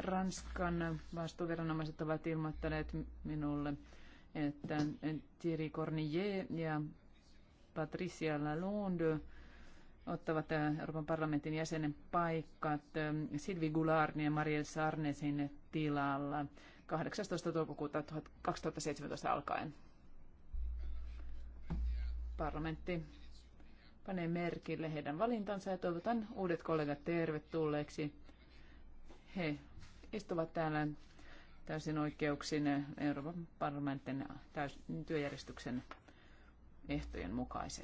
Ranskan vastuuviranomaiset ovat ilmoittaneet minulle, että Thierry Cornier ja Patricia Lalonde ottavat äh, Euroopan parlamentin jäsenen paikat äh, Silvi Goulardin ja Mariel Sarnesin tilalla 18. toukokuuta 2017 alkaen. Parlamentti panee merkille heidän valintansa ja toivotan uudet kollegat tervetulleeksi. He istuvat täällä täysin oikeuksin Euroopan parlamentin työjärjestyksen ehtojen mukaisesti.